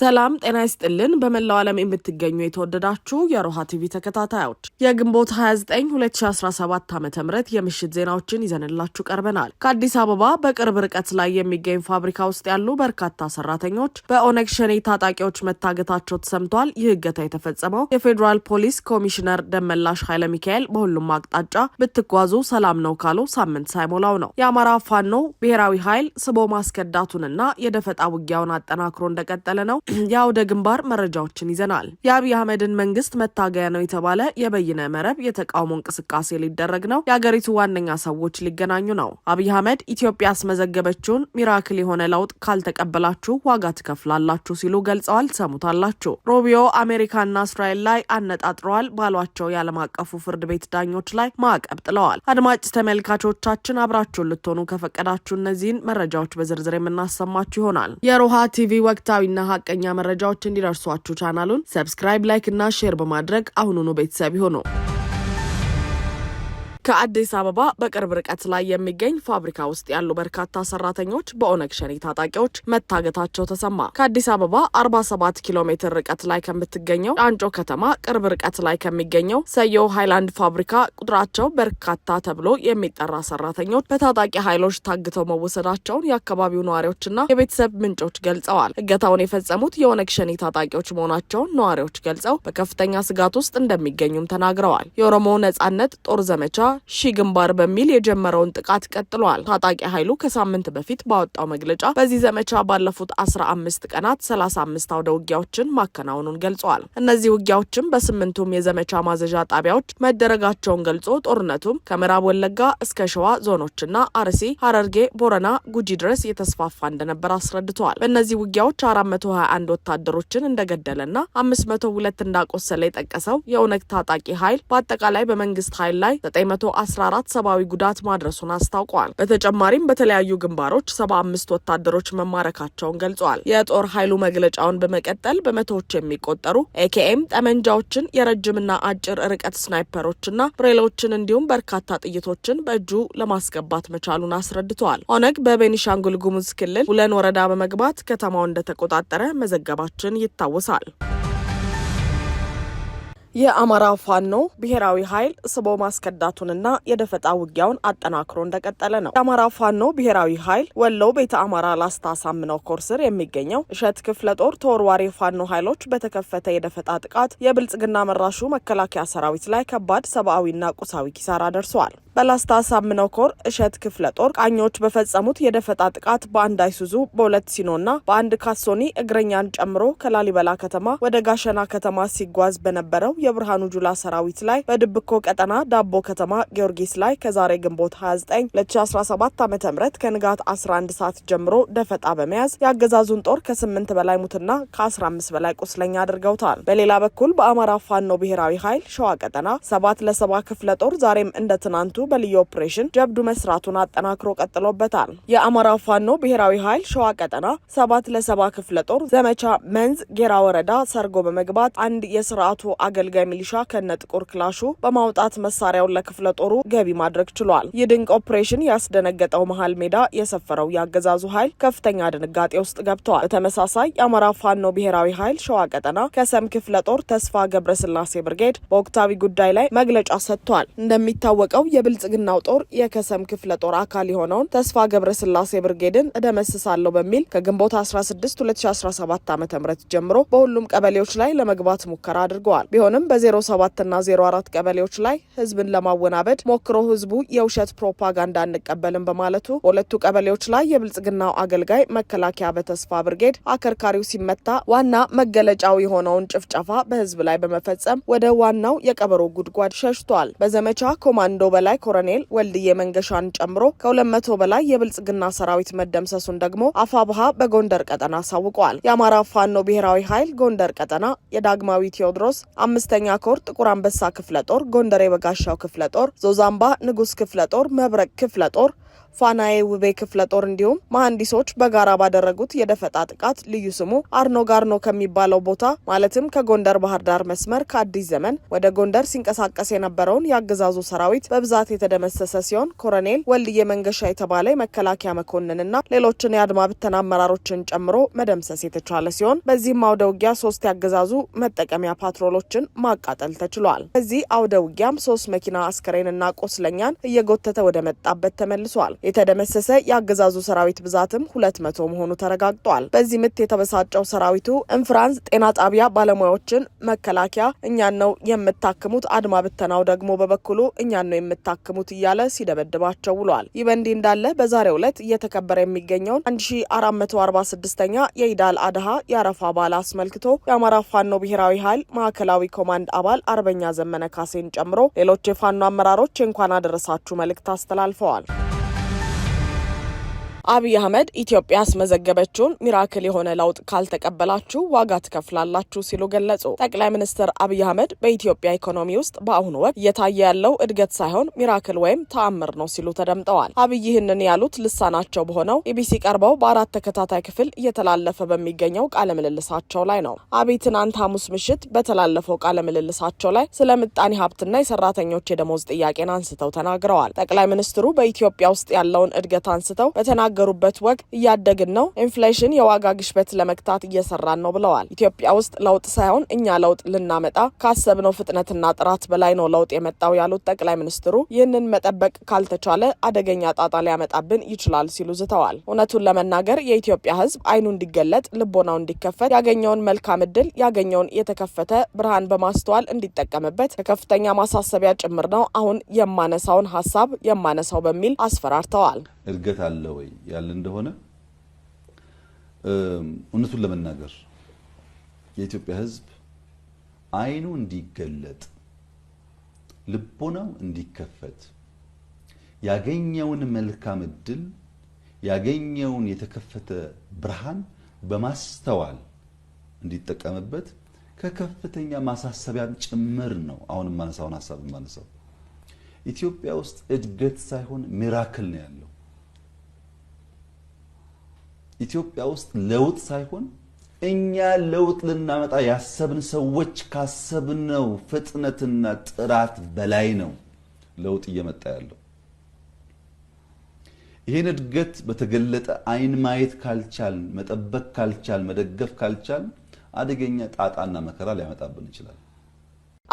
ሰላም ጤና ይስጥልን። በመላው ዓለም የምትገኙ የተወደዳችሁ የሮሃ ቲቪ ተከታታዮች የግንቦት 29 2017 ዓ ም የምሽት ዜናዎችን ይዘንላችሁ ቀርበናል። ከአዲስ አበባ በቅርብ ርቀት ላይ የሚገኝ ፋብሪካ ውስጥ ያሉ በርካታ ሰራተኞች በኦነግ ሸኔ ታጣቂዎች መታገታቸው ተሰምቷል። ይህ እገታ የተፈጸመው የፌዴራል ፖሊስ ኮሚሽነር ደመላሽ ኃይለ ሚካኤል በሁሉም አቅጣጫ ብትጓዙ ሰላም ነው ካሉ ሳምንት ሳይሞላው ነው። የአማራ ፋኖ ብሔራዊ ኃይል ስቦ ማስከዳቱንና የደፈጣ ውጊያውን አጠናክሮ እንደቀጠለ ነው። የአውደ ግንባር መረጃዎችን ይዘናል። የአብይ አህመድን መንግስት መታገያ ነው የተባለ የበይነ መረብ የተቃውሞ እንቅስቃሴ ሊደረግ ነው። የአገሪቱ ዋነኛ ሰዎች ሊገናኙ ነው። አብይ አህመድ ኢትዮጵያ ያስመዘገበችውን ሚራክል የሆነ ለውጥ ካልተቀበላችሁ ዋጋ ትከፍላላችሁ ሲሉ ገልጸዋል። ሰሙታላችሁ። ሮቢዮ አሜሪካና እስራኤል ላይ አነጣጥረዋል ባሏቸው የዓለም አቀፉ ፍርድ ቤት ዳኞች ላይ ማዕቀብ ጥለዋል። አድማጭ ተመልካቾቻችን አብራችሁን ልትሆኑ ከፈቀዳችሁ እነዚህን መረጃዎች በዝርዝር የምናሰማችሁ ይሆናል። የሮሃ ቲቪ ወቅታዊና ሀቀኛ ሀቀኛ መረጃዎች እንዲደርሷችሁ ቻናሉን ሰብስክራይብ፣ ላይክ እና ሼር በማድረግ አሁኑኑ ቤተሰብ ይሁኑ። ከአዲስ አበባ በቅርብ ርቀት ላይ የሚገኝ ፋብሪካ ውስጥ ያሉ በርካታ ሰራተኞች በኦነግ ሸኔ ታጣቂዎች መታገታቸው ተሰማ። ከአዲስ አበባ 47 ኪሎ ሜትር ርቀት ላይ ከምትገኘው አንጮ ከተማ ቅርብ ርቀት ላይ ከሚገኘው ሰየው ሃይላንድ ፋብሪካ ቁጥራቸው በርካታ ተብሎ የሚጠራ ሰራተኞች በታጣቂ ኃይሎች ታግተው መወሰዳቸውን የአካባቢው ነዋሪዎችና የቤተሰብ ምንጮች ገልጸዋል። እገታውን የፈጸሙት የኦነግ ሸኔ ታጣቂዎች መሆናቸውን ነዋሪዎች ገልጸው በከፍተኛ ስጋት ውስጥ እንደሚገኙም ተናግረዋል። የኦሮሞ ነጻነት ጦር ዘመቻ ሺ ግንባር በሚል የጀመረውን ጥቃት ቀጥሏል። ታጣቂ ኃይሉ ከሳምንት በፊት ባወጣው መግለጫ በዚህ ዘመቻ ባለፉት አስራ አምስት ቀናት ሰላሳ አምስት አውደ ውጊያዎችን ማከናወኑን ገልጸዋል። እነዚህ ውጊያዎችም በስምንቱም የዘመቻ ማዘዣ ጣቢያዎች መደረጋቸውን ገልጾ ጦርነቱም ከምዕራብ ወለጋ እስከ ሸዋ ዞኖችና አርሲ፣ ሀረርጌ ቦረና፣ ጉጂ ድረስ የተስፋፋ እንደነበር አስረድተዋል። በእነዚህ ውጊያዎች አንድ ወታደሮችን እንደገደለና ሁለት እንዳቆሰለ የጠቀሰው የኦነግ ታጣቂ ኃይል በአጠቃላይ በመንግስት ኃይል ላይ 114 ሰብአዊ ጉዳት ማድረሱን አስታውቋል። በተጨማሪም በተለያዩ ግንባሮች 75 ወታደሮች መማረካቸውን ገልጿል። የጦር ኃይሉ መግለጫውን በመቀጠል በመቶዎች የሚቆጠሩ ኤኬኤም ጠመንጃዎችን፣ የረጅምና አጭር ርቀት ስናይፐሮችና ብሬሎችን እንዲሁም በርካታ ጥይቶችን በእጁ ለማስገባት መቻሉን አስረድተዋል። ኦነግ በቤኒሻንጉል ጉሙዝ ክልል ሁለን ወረዳ በመግባት ከተማውን እንደተቆጣጠረ መዘገባችን ይታወሳል። የአማራ ፋኖ ብሔራዊ ኃይል ስቦ ማስከዳቱንና የደፈጣ ውጊያውን አጠናክሮ እንደቀጠለ ነው። የአማራ ፋኖ ብሔራዊ ኃይል ወሎ ቤተ አማራ ላስታ ሳምነው ኮር ስር የሚገኘው እሸት ክፍለ ጦር ተወርዋሪ ፋኖ ኃይሎች በተከፈተ የደፈጣ ጥቃት የብልጽግና መራሹ መከላከያ ሰራዊት ላይ ከባድ ሰብአዊና ቁሳዊ ኪሳራ ደርሰዋል። በላስታ ሳምነው ኮር እሸት ክፍለ ጦር ቃኞች በፈጸሙት የደፈጣ ጥቃት በአንድ አይሱዙ በሁለት ሲኖና በአንድ ካሶኒ እግረኛን ጨምሮ ከላሊበላ ከተማ ወደ ጋሸና ከተማ ሲጓዝ በነበረው የብርሃኑ ጁላ ሰራዊት ላይ በድብኮ ቀጠና ዳቦ ከተማ ጊዮርጊስ ላይ ከዛሬ ግንቦት 29 2017 ዓ ም ከንጋት 11 ሰዓት ጀምሮ ደፈጣ በመያዝ የአገዛዙን ጦር ከ8 በላይ ሙትና ከ15 በላይ ቁስለኛ አድርገውታል። በሌላ በኩል በአማራ ፋኖ ብሔራዊ ኃይል ሸዋ ቀጠና ሰባት ለሰባ ክፍለ ጦር ዛሬም እንደ ትናንቱ በልዩ ኦፕሬሽን ጀብዱ መስራቱን አጠናክሮ ቀጥሎበታል። የአማራ ፋኖ ብሔራዊ ኃይል ሸዋ ቀጠና ሰባት ለሰባ ክፍለ ጦር ዘመቻ መንዝ ጌራ ወረዳ ሰርጎ በመግባት አንድ የስርዓቱ አገልጋይ ሚሊሻ ከነ ጥቁር ክላሹ በማውጣት መሳሪያውን ለክፍለ ጦሩ ገቢ ማድረግ ችሏል። ይህ ድንቅ ኦፕሬሽን ያስደነገጠው መሀል ሜዳ የሰፈረው የአገዛዙ ኃይል ከፍተኛ ድንጋጤ ውስጥ ገብተዋል። በተመሳሳይ የአማራ ፋኖ ብሔራዊ ኃይል ሸዋ ቀጠና ከሰም ክፍለ ጦር ተስፋ ገብረስላሴ ብርጌድ በወቅታዊ ጉዳይ ላይ መግለጫ ሰጥቷል። እንደሚታወቀው የብልጽግናው ጦር የከሰም ክፍለ ጦር አካል የሆነውን ተስፋ ገብረስላሴ ብርጌድን እደመስሳለሁ በሚል ከግንቦት 16 2017 ዓ ም ጀምሮ በሁሉም ቀበሌዎች ላይ ለመግባት ሙከራ አድርገዋል። ቢሆንም በ07 እና 04 ቀበሌዎች ላይ ህዝብን ለማወናበድ ሞክሮ ህዝቡ የውሸት ፕሮፓጋንዳ አንቀበልም በማለቱ በሁለቱ ቀበሌዎች ላይ የብልጽግናው አገልጋይ መከላከያ በተስፋ ብርጌድ አከርካሪው ሲመታ ዋና መገለጫው የሆነውን ጭፍጨፋ በህዝብ ላይ በመፈጸም ወደ ዋናው የቀበሮ ጉድጓድ ሸሽቷል። በዘመቻ ኮማንዶ በላይ ኮረኔል ወልድዬ መንገሻን ጨምሮ ከሁለት መቶ በላይ የብልጽግና ሰራዊት መደምሰሱን ደግሞ አፋብሃ በጎንደር ቀጠና አሳውቀዋል። የአማራ ፋኖ ብሔራዊ ኃይል ጎንደር ቀጠና የዳግማዊ ቴዎድሮስ አምስተኛ ኮር ጥቁር አንበሳ ክፍለ ጦር፣ ጎንደር የበጋሻው ክፍለ ጦር፣ ዞዛምባ ንጉስ ክፍለ ጦር፣ መብረቅ ክፍለ ጦር ፋናዬ ውቤ ክፍለ ጦር እንዲሁም መሐንዲሶች በጋራ ባደረጉት የደፈጣ ጥቃት ልዩ ስሙ አርኖ ጋርኖ ከሚባለው ቦታ ማለትም ከጎንደር ባህር ዳር መስመር ከአዲስ ዘመን ወደ ጎንደር ሲንቀሳቀስ የነበረውን የአገዛዙ ሰራዊት በብዛት የተደመሰሰ ሲሆን ኮረኔል ወልድዬ መንገሻ የተባለ የመከላከያ መኮንንና ሌሎችን የአድማ ብተን አመራሮችን ጨምሮ መደምሰስ የተቻለ ሲሆን በዚህም አውደ ውጊያ ሶስት ያገዛዙ መጠቀሚያ ፓትሮሎችን ማቃጠል ተችሏል። በዚህ አውደ ውጊያም ሶስት መኪና አስከሬንና ቆስለኛን እየጎተተ ወደ መጣበት ተመልሷል። ደርሷል። የተደመሰሰ የአገዛዙ ሰራዊት ብዛትም ሁለት መቶ መሆኑ ተረጋግጧል። በዚህ ምት የተበሳጨው ሰራዊቱ እንፍራንስ ጤና ጣቢያ ባለሙያዎችን መከላከያ እኛን ነው የምታክሙት፣ አድማ ብተናው ደግሞ በበኩሉ እኛን ነው የምታክሙት እያለ ሲደበድባቸው ውሏል። ይህ በእንዲህ እንዳለ በዛሬው ዕለት እየተከበረ የሚገኘውን 1446ኛ የኢዳል አድሃ የአረፋ በዓል አስመልክቶ የአማራ ፋኖ ብሔራዊ ኃይል ማዕከላዊ ኮማንድ አባል አርበኛ ዘመነ ካሴን ጨምሮ ሌሎች የፋኖ አመራሮች የእንኳን አደረሳችሁ መልእክት አስተላልፈዋል። አብይ አህመድ ኢትዮጵያ ያስመዘገበችውን ሚራክል የሆነ ለውጥ ካልተቀበላችሁ ዋጋ ትከፍላላችሁ ሲሉ ገለጹ። ጠቅላይ ሚኒስትር አብይ አህመድ በኢትዮጵያ ኢኮኖሚ ውስጥ በአሁኑ ወቅት እየታየ ያለው እድገት ሳይሆን ሚራክል ወይም ተአምር ነው ሲሉ ተደምጠዋል። አብይ ይህንን ያሉት ልሳናቸው በሆነው ኢቢሲ ቀርበው በአራት ተከታታይ ክፍል እየተላለፈ በሚገኘው ቃለ ምልልሳቸው ላይ ነው። አብይ ትናንት ሐሙስ ምሽት በተላለፈው ቃለ ምልልሳቸው ላይ ስለ ምጣኔ ሀብትና የሰራተኞች የደሞዝ ጥያቄን አንስተው ተናግረዋል። ጠቅላይ ሚኒስትሩ በኢትዮጵያ ውስጥ ያለውን እድገት አንስተው በተና በተናገሩበት ወቅት እያደግን ነው፣ ኢንፍሌሽን የዋጋ ግሽበት ለመግታት እየሰራን ነው ብለዋል። ኢትዮጵያ ውስጥ ለውጥ ሳይሆን እኛ ለውጥ ልናመጣ ካሰብነው ፍጥነትና ጥራት በላይ ነው ለውጥ የመጣው ያሉት ጠቅላይ ሚኒስትሩ ይህንን መጠበቅ ካልተቻለ አደገኛ ጣጣ ሊያመጣብን ይችላል ሲሉ ዝተዋል። እውነቱን ለመናገር የኢትዮጵያ ሕዝብ አይኑ እንዲገለጥ ልቦናው እንዲከፈት ያገኘውን መልካም እድል ያገኘውን የተከፈተ ብርሃን በማስተዋል እንዲጠቀምበት ከከፍተኛ ማሳሰቢያ ጭምር ነው አሁን የማነሳውን ሀሳብ የማነሳው በሚል አስፈራርተዋል። እድገት አለ ወይ? ያለ እንደሆነ እውነቱን ለመናገር የኢትዮጵያ ሕዝብ አይኑ እንዲገለጥ ልቦናው እንዲከፈት ያገኘውን መልካም እድል ያገኘውን የተከፈተ ብርሃን በማስተዋል እንዲጠቀምበት ከከፍተኛ ማሳሰቢያም ጭምር ነው። አሁን የማነሳውን ሀሳብ የማነሳው ኢትዮጵያ ውስጥ እድገት ሳይሆን ሚራክል ነው ያለው። ኢትዮጵያ ውስጥ ለውጥ ሳይሆን እኛ ለውጥ ልናመጣ ያሰብን ሰዎች ካሰብነው ፍጥነትና ጥራት በላይ ነው ለውጥ እየመጣ ያለው። ይህን እድገት በተገለጠ አይን ማየት ካልቻልን፣ መጠበቅ ካልቻልን፣ መደገፍ ካልቻልን አደገኛ ጣጣና መከራ ሊያመጣብን ይችላል።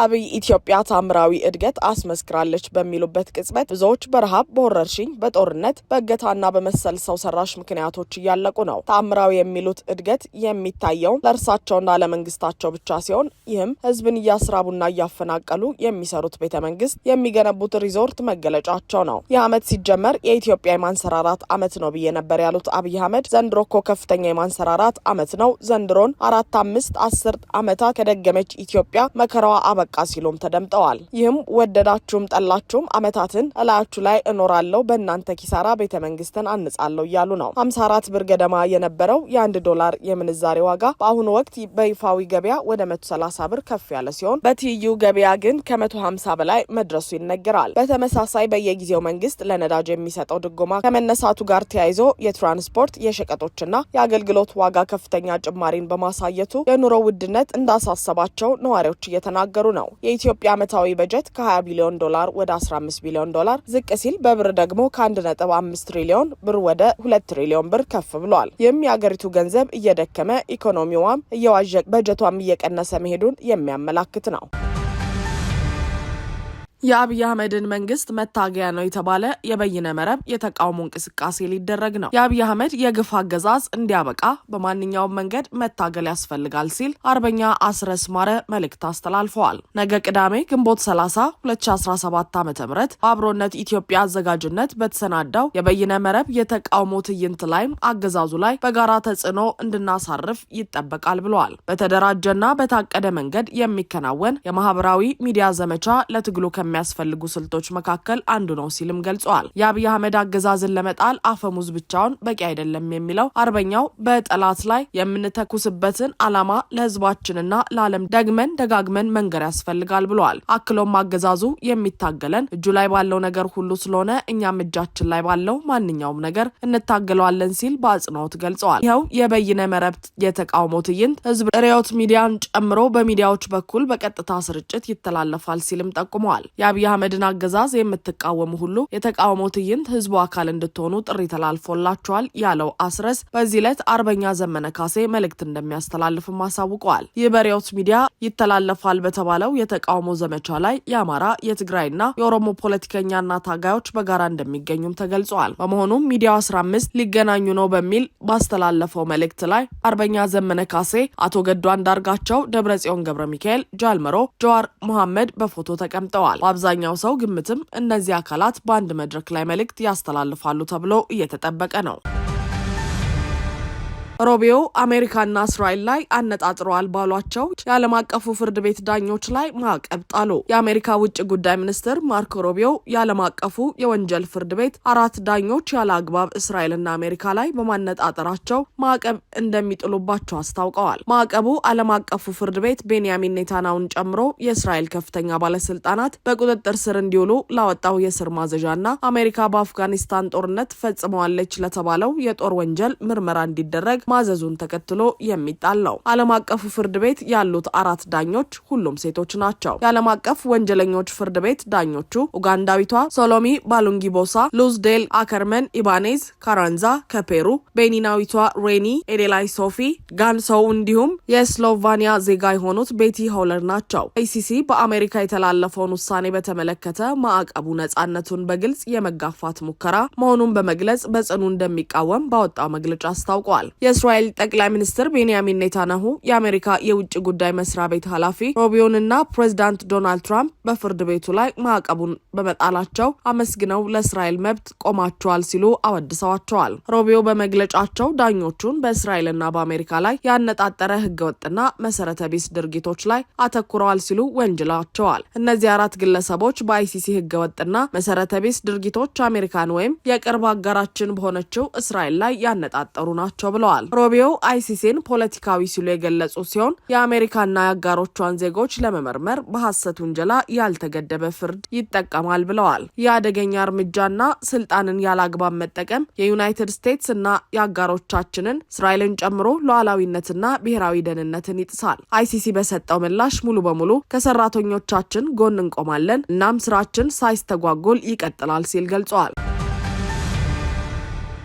አብይ ኢትዮጵያ ታምራዊ እድገት አስመስክራለች በሚሉበት ቅጽበት ብዙዎች በረሃብ፣ በወረርሽኝ፣ በጦርነት፣ በእገታና በመሰል ሰው ሰራሽ ምክንያቶች እያለቁ ነው። ታምራዊ የሚሉት እድገት የሚታየው ለእርሳቸውና ለመንግስታቸው ብቻ ሲሆን ይህም ህዝብን እያስራቡና እያፈናቀሉ የሚሰሩት ቤተ መንግስት፣ የሚገነቡት ሪዞርት መገለጫቸው ነው። ይህ አመት ሲጀመር የኢትዮጵያ የማንሰራራት አመት ነው ብዬ ነበር ያሉት አብይ አህመድ ዘንድሮ እኮ ከፍተኛ የማንሰራራት አመት ነው። ዘንድሮን አራት አምስት አስር አመታት ከደገመች ኢትዮጵያ መከራዋ አበ አበቃ ሲሉም ተደምጠዋል። ይህም ወደዳችሁም ጠላችሁም አመታትን እላያችሁ ላይ እኖራለሁ በእናንተ ኪሳራ ቤተ መንግስትን አንጻለሁ እያሉ ነው። ሀምሳ አራት ብር ገደማ የነበረው የአንድ ዶላር የምንዛሬ ዋጋ በአሁኑ ወቅት በይፋዊ ገበያ ወደ መቶ ሰላሳ ብር ከፍ ያለ ሲሆን በትይዩ ገበያ ግን ከመቶ ሀምሳ በላይ መድረሱ ይነገራል። በተመሳሳይ በየጊዜው መንግስት ለነዳጅ የሚሰጠው ድጎማ ከመነሳቱ ጋር ተያይዞ የትራንስፖርት የሸቀጦችና የአገልግሎት ዋጋ ከፍተኛ ጭማሪን በማሳየቱ የኑሮ ውድነት እንዳሳሰባቸው ነዋሪዎች እየተናገሩ ነው። የኢትዮጵያ ዓመታዊ በጀት ከ20 ቢሊዮን ዶላር ወደ 15 ቢሊዮን ዶላር ዝቅ ሲል በብር ደግሞ ከ1.5 ትሪሊዮን ብር ወደ 2 ትሪሊዮን ብር ከፍ ብሏል። ይህም የአገሪቱ ገንዘብ እየደከመ ኢኮኖሚዋም እየዋዠቅ በጀቷም እየቀነሰ መሄዱን የሚያመላክት ነው። የአብይ አህመድን መንግስት መታገያ ነው የተባለ የበይነ መረብ የተቃውሞ እንቅስቃሴ ሊደረግ ነው። የአብይ አህመድ የግፍ አገዛዝ እንዲያበቃ በማንኛውም መንገድ መታገል ያስፈልጋል ሲል አርበኛ አስረስ ማረ መልእክት አስተላልፈዋል። ነገ ቅዳሜ ግንቦት 30 2017 ዓ ም በአብሮነት ኢትዮጵያ አዘጋጅነት በተሰናዳው የበይነ መረብ የተቃውሞ ትዕይንት ላይም አገዛዙ ላይ በጋራ ተጽዕኖ እንድናሳርፍ ይጠበቃል ብለዋል። በተደራጀና በታቀደ መንገድ የሚከናወን የማህበራዊ ሚዲያ ዘመቻ ለትግሉ ከሚ ከሚያስፈልጉ ስልቶች መካከል አንዱ ነው ሲልም ገልጸዋል። የአብይ አህመድ አገዛዝን ለመጣል አፈሙዝ ብቻውን በቂ አይደለም የሚለው አርበኛው በጠላት ላይ የምንተኩስበትን አላማ ለህዝባችንና ለዓለም ደግመን ደጋግመን መንገር ያስፈልጋል ብለዋል። አክሎም አገዛዙ የሚታገለን እጁ ላይ ባለው ነገር ሁሉ ስለሆነ እኛም እጃችን ላይ ባለው ማንኛውም ነገር እንታገለዋለን ሲል በአጽንኦት ገልጸዋል። ይኸው የበይነ መረብ የተቃውሞ ትዕይንት ህዝብ ርዕዮት ሚዲያን ጨምሮ በሚዲያዎች በኩል በቀጥታ ስርጭት ይተላለፋል ሲልም ጠቁመዋል። የአብይ አህመድን አገዛዝ የምትቃወሙ ሁሉ የተቃውሞ ትዕይንት ህዝቡ አካል እንድትሆኑ ጥሪ ተላልፎላቸዋል ያለው አስረስ በዚህ ዕለት አርበኛ ዘመነ ካሴ መልእክት እንደሚያስተላልፍም አሳውቀዋል። ይህ በሬዎት ሚዲያ ይተላለፋል በተባለው የተቃውሞ ዘመቻ ላይ የአማራ የትግራይና የኦሮሞ ፖለቲከኛና ታጋዮች በጋራ እንደሚገኙም ተገልጿል። በመሆኑም ሚዲያው 15 ሊገናኙ ነው በሚል ባስተላለፈው መልእክት ላይ አርበኛ ዘመነ ካሴ፣ አቶ ገዱ አንዳርጋቸው፣ ደብረጽዮን ገብረ ሚካኤል፣ ጃልመሮ፣ ጀዋር መሐመድ በፎቶ ተቀምጠዋል። አብዛኛው ሰው ግምትም እነዚህ አካላት በአንድ መድረክ ላይ መልእክት ያስተላልፋሉ ተብሎ እየተጠበቀ ነው። ሮቢዮ አሜሪካና እስራኤል ላይ አነጣጥረዋል ባሏቸው የዓለም አቀፉ ፍርድ ቤት ዳኞች ላይ ማዕቀብ ጣሉ። የአሜሪካ ውጭ ጉዳይ ሚኒስትር ማርኮ ሮቢዮ የዓለም አቀፉ የወንጀል ፍርድ ቤት አራት ዳኞች ያለ አግባብ እስራኤልና አሜሪካ ላይ በማነጣጠራቸው ማዕቀብ እንደሚጥሉባቸው አስታውቀዋል። ማዕቀቡ ዓለም አቀፉ ፍርድ ቤት ቤንያሚን ኔታናውን ጨምሮ የእስራኤል ከፍተኛ ባለስልጣናት በቁጥጥር ስር እንዲውሉ ላወጣው የስር ማዘዣና አሜሪካ በአፍጋኒስታን ጦርነት ፈጽመዋለች ለተባለው የጦር ወንጀል ምርመራ እንዲደረግ ማዘዙን ተከትሎ የሚጣል ነው። ዓለም አቀፉ ፍርድ ቤት ያሉት አራት ዳኞች ሁሉም ሴቶች ናቸው። የዓለም አቀፍ ወንጀለኞች ፍርድ ቤት ዳኞቹ ኡጋንዳዊቷ ሶሎሚ ባሉንጊቦሳ፣ ሉዝ ዴል አከርመን ኢባኔዝ ካራንዛ ከፔሩ፣ ቤኒናዊቷ ሬኒ ኤዴላይ ሶፊ ጋንሶው እንዲሁም የስሎቫኒያ ዜጋ የሆኑት ቤቲ ሆለር ናቸው። አይሲሲ በአሜሪካ የተላለፈውን ውሳኔ በተመለከተ ማዕቀቡ ነጻነቱን በግልጽ የመጋፋት ሙከራ መሆኑን በመግለጽ በጽኑ እንደሚቃወም ባወጣው መግለጫ አስታውቋል። የእስራኤል ጠቅላይ ሚኒስትር ቤንያሚን ኔታንያሁ የአሜሪካ የውጭ ጉዳይ መስሪያ ቤት ኃላፊ ሮቢዮንና ፕሬዚዳንት ዶናልድ ትራምፕ በፍርድ ቤቱ ላይ ማዕቀቡን በመጣላቸው አመስግነው ለእስራኤል መብት ቆማቸዋል ሲሉ አወድሰዋቸዋል። ሮቢዮ በመግለጫቸው ዳኞቹን በእስራኤልና በአሜሪካ ላይ ያነጣጠረ ህገወጥና መሰረተ ቢስ ድርጊቶች ላይ አተኩረዋል ሲሉ ወንጅላቸዋል። እነዚህ አራት ግለሰቦች በአይሲሲ ህገወጥና መሰረተ ቢስ ድርጊቶች አሜሪካን ወይም የቅርብ አጋራችን በሆነችው እስራኤል ላይ ያነጣጠሩ ናቸው ብለዋል። ተናግረዋል። ሮቢዮ አይሲሲን ፖለቲካዊ ሲሉ የገለጹ ሲሆን የአሜሪካና የአጋሮቿን ዜጎች ለመመርመር በሐሰት ውንጀላ ያልተገደበ ፍርድ ይጠቀማል ብለዋል። የአደገኛ እርምጃና ስልጣንን ያላግባብ መጠቀም የዩናይትድ ስቴትስ እና የአጋሮቻችንን እስራኤልን ጨምሮ ሉዓላዊነትና ብሔራዊ ደህንነትን ይጥሳል። አይሲሲ በሰጠው ምላሽ ሙሉ በሙሉ ከሰራተኞቻችን ጎን እንቆማለን፣ እናም ስራችን ሳይስተጓጎል ይቀጥላል ሲል ገልጸዋል።